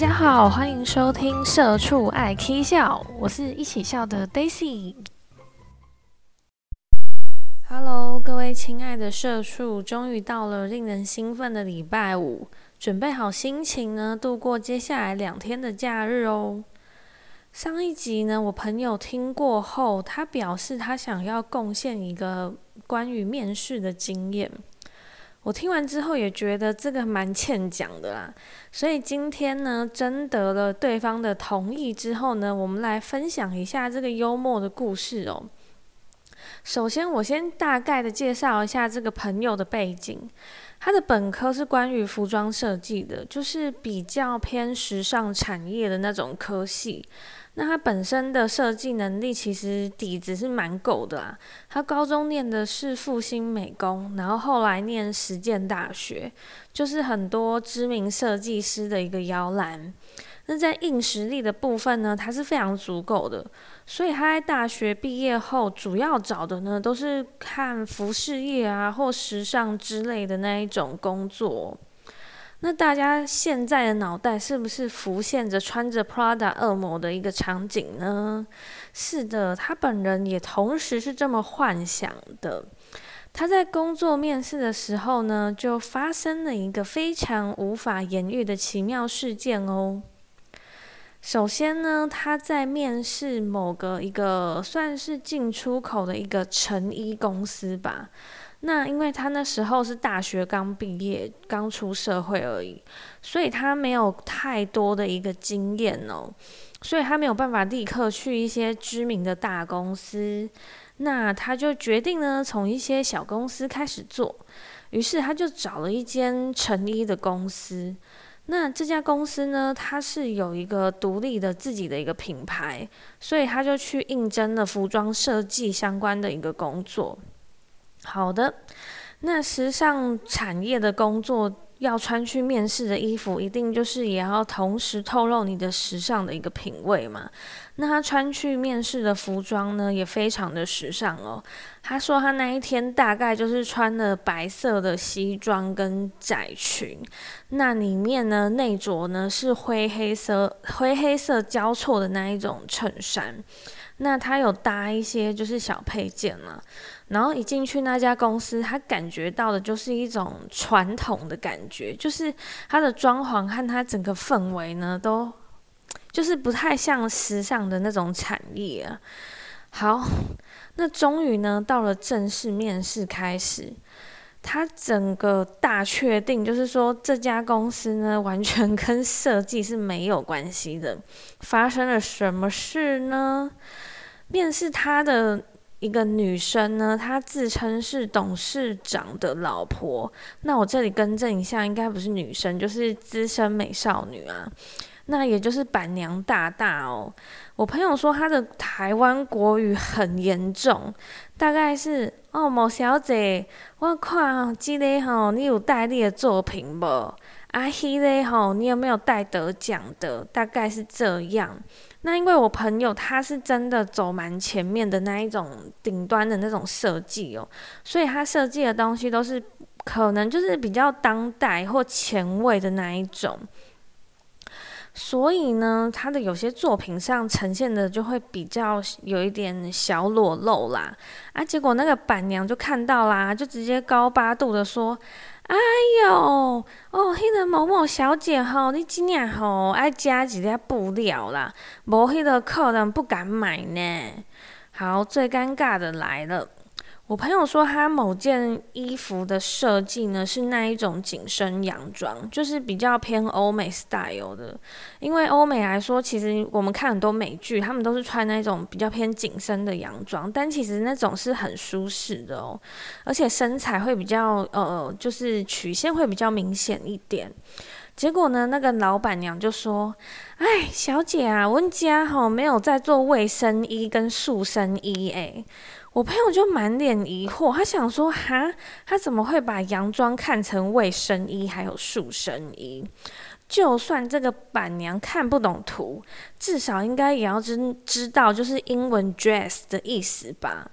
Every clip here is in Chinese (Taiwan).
大家好，歡迎收聽《社畜愛 k 笑》，我是一起笑的 Daisy。Hello，各位親愛的社畜，終於到了令人興奮的禮拜五，準備好心情呢，度過接下來兩天的假日哦。上一集呢，我朋友聽過後，他表示他想要貢獻一個關於面試的經驗。我聽完之後也覺得這個蠻欠講的啦，所以今天呢，徵得了對方的同意之後呢，我們來分享一下這個幽默的故事哦。首先，我先大概的介紹一下這個朋友的背景。他的本科是關於服裝設計的，就是比較偏時尚產業的那種科系。那他本身的設計能力其實底子是蠻夠的啦、啊。他高中念的是復興美工，然後後來念實踐大學，就是很多知名設計師的一個搖籃。那在硬實力的部分呢，它是非常足夠的，所以他在大學畢業後主要找的呢，都是看服飾業啊或時尚之類的那一種工作。那大家現在的腦袋是不是浮現着穿着 Prada 惡魔的一個場景呢？是的，他本人也同時是這麼幻想的。他在工作面試的時候呢，就發生了一個非常無法言喻的奇妙事件哦。首先呢，他在面試某個一個算是進出口的一個成衣公司吧。那因為他那時候是大學剛畢業、剛出社會而已，所以他沒有太多的一個經驗哦、喔，所以他沒有辦法立刻去一些知名的大公司。那他就決定呢，從一些小公司開始做。於是他就找了一間成衣的公司。那這家公司呢，它是有一個獨立的自己的一個品牌，所以他就去應徵了服裝設計相關的一個工作。好的，那時尚產業的工作。要穿去面試的衣服，一定就是也要同時透露你的時尚的一個品味嘛。那他穿去面試的服裝呢，也非常的時尚哦。他說他那一天大概就是穿了白色的西裝跟窄裙，那裡面呢，內着呢是灰黑色、灰黑色交錯的那一種襯衫。那他有搭一些就是小配件嘛，啊，然後一進去那家公司，他感覺到的就是一種傳統的感覺，就是他的裝潢和他整個氛圍呢，都就是不太像時尚的那種產業，啊。好，那終於呢，到了正式面試開始，他整個大確定就是說這家公司呢，完全跟設計是沒有關係的。發生了什麼事呢？面試他的一個女生呢，她自稱是董事長的老婆。那我這裡更正一下，應該不是女生，就是資深美少女啊。那也就是板娘大大哦。我朋友說她的台灣國語很嚴重，大概是哦，某小姐，我看這裡齁，你有代理的作品不？阿嘿嘞吼，你有沒有帶得獎的？大概是這樣。那因為我朋友他是真的走蠻前面的那一種，頂端的那種設計哦，所以他設計的東西都是可能就是比較當代或前衛的那一種。所以呢，他的有些作品上呈現的就會比較有一點小裸露啦。啊，結果那個板娘就看到啦，就直接高八度的說。哎喲，哦，迄、那個某某小姐吼，哦，你真嘇吼愛加一粒布料啦，無迄個客人不敢買呢。好，最尷尬的來了。我朋友說，她某件衣服的設計呢，是那一種緊身洋裝，就是比較偏歐美 style 的。因為歐美來說，其實我們看很多美劇，他們都是穿那一種比較偏緊身的洋裝，但其實那種是很舒適的哦，而且身材會比較，呃，就是曲線會比較明顯一點。結果呢？那個老闆娘就說：“哎，小姐啊，我家吼沒有在做衛生衣跟塑身衣。”哎，我朋友就滿臉疑惑，他想說：“哈，他怎麼會把洋裝看成衛生衣還有塑身衣？就算這個闆娘看不懂圖，至少應該也要知知道就是英文 dress 的意思吧？”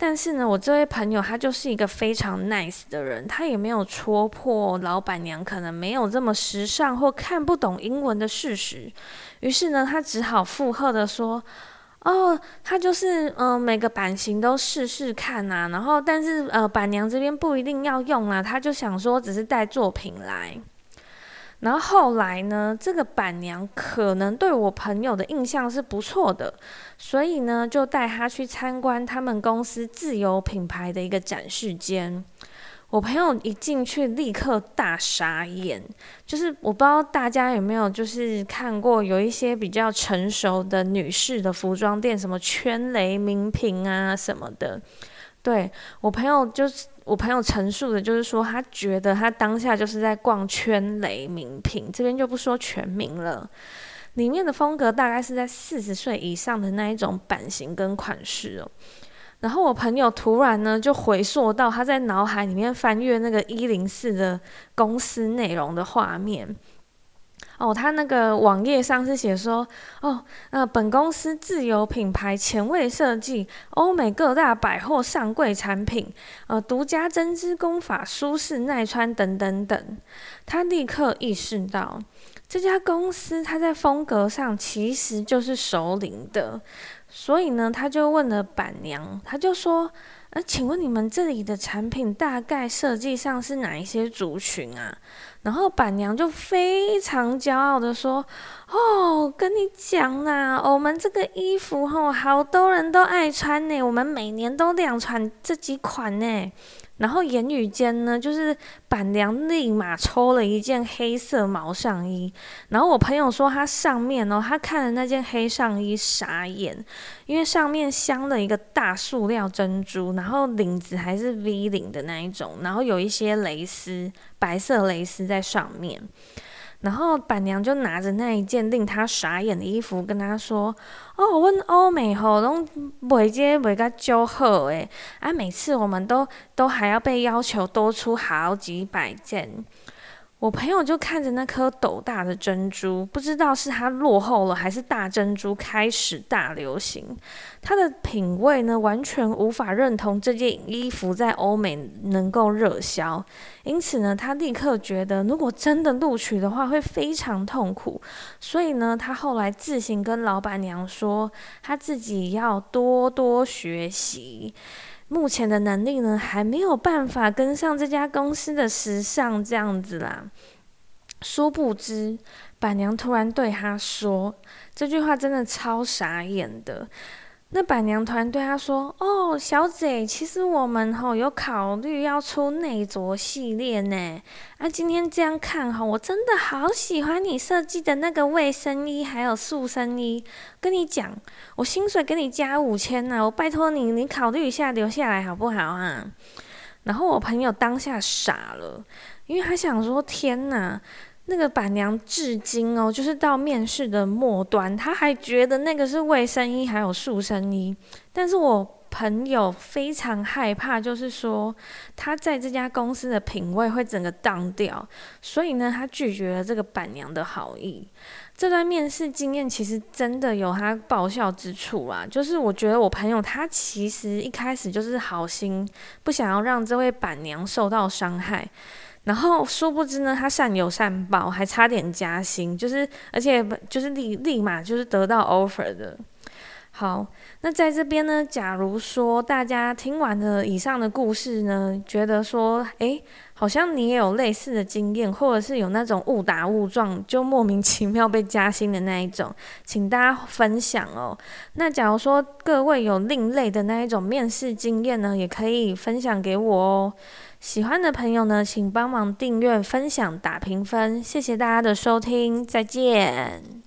但是呢，我這位朋友他就是一個非常 nice 的人，他也沒有戳破老闆娘可能沒有這麼時尚或看不懂英文的事實，於是呢，他只好附和的說：“哦，他就是嗯、呃，每個版型都試試看啊，然後但是呃，闆娘這邊不一定要用啊，他就想說只是帶作品來。”然後後來呢，這個板娘，可能對我朋友的印象是不錯的，所以呢，就帶她去參觀他們公司自有品牌的一個展示間。我朋友一進去，立刻大傻眼，就是我不知道大家有沒有就是看過有一些比較成熟的女士的服裝店，什麼全雷名品啊什麼的。對我朋友就是。我朋友陳述的就是說，他覺得他當下就是在逛圈雷名品，這邊就不說全名了，裡面的風格大概是在四十歲以上的那一種版型跟款式哦、喔。然後我朋友突然呢，就回溯到他在腦海裡面翻閱那個一零四的公司內容的畫面。哦，他那個網頁上是寫說，哦，那、呃、本公司自有品牌，前衛設計，歐美各大百貨上櫃產品，呃，獨家針織工法，舒適耐穿等等等。他立刻意識到，這家公司它在風格上其實就是熟齡的。所以呢，他就問了板娘，他就說：“呃，請問你們這裡的產品大概設計上是哪一些族群啊？”然後板娘就非常驕傲地說：“哦，跟你講啊，我們這個衣服吼，好多人都愛穿呢，我們每年都量產這幾款呢。”然後言語間呢，就是板娘立馬抽了一件黑色毛上衣，然後我朋友說他上面哦，他看了那件黑上衣傻眼，因為上面鑲了一個大塑料珍珠，然後領子還是 V 領的那一種，然後有一些蕾絲，白色蕾絲在上面。然後板娘就拿着那一件令她傻眼的衣服，跟她說：“哦，阮歐美貨攏賣這賣甲就好誒！啊，每次我們都都還要被要求多出好幾百件。”我朋友就看着那顆斗大的珍珠，不知道是它落後了，還是大珍珠開始大流行。他的品味呢，完全無法認同這件衣服在歐美能夠熱銷，因此呢，他立刻覺得如果真的錄取的話，會非常痛苦。所以呢，他後來自行跟老闆娘說，他自己要多多學習。目前的能力呢，還沒有辦法跟上這家公司的時尚這樣子啦。殊不知，板娘突然對她說：“這句話真的超傻眼的。”那板娘團對他說：“哦，小姐，其實我們吼有考慮要出那一着系列呢。啊，今天這樣看哈，我真的好喜歡你設計的那個衛生衣還有塑身衣。跟你講，我薪水給你加五千吶。我拜托你，你考慮一下留下來好不好啊？”然後我朋友當下傻了，因為他想說：“天哪！”那個板娘至今哦，就是到面試的末端，她還覺得那個是衛生衣，還有塑身衣。但是我朋友非常害怕，就是說他在這家公司的品味會整個 down 掉，所以呢，他拒絕了這個板娘的好意。這段面試經驗其實真的有他爆笑之處啊，就是我覺得我朋友他其實一開始就是好心，不想要讓這位板娘受到傷害。然後，殊不知呢，他善有善報，還差點加薪，就是而且就是立立馬就是得到 offer 的。好，那在這邊呢，假如說大家聽完了以上的故事呢，覺得說，誒，好像你也有類似的經驗，或者是有那種誤打誤撞就莫名其妙被加薪的那一種，請大家分享哦。那假如說各位有另類的那一種面試經驗呢，也可以分享給我哦。喜歡的朋友呢，請幫忙訂閱、分享、打評分。謝謝大家的收聽，再見。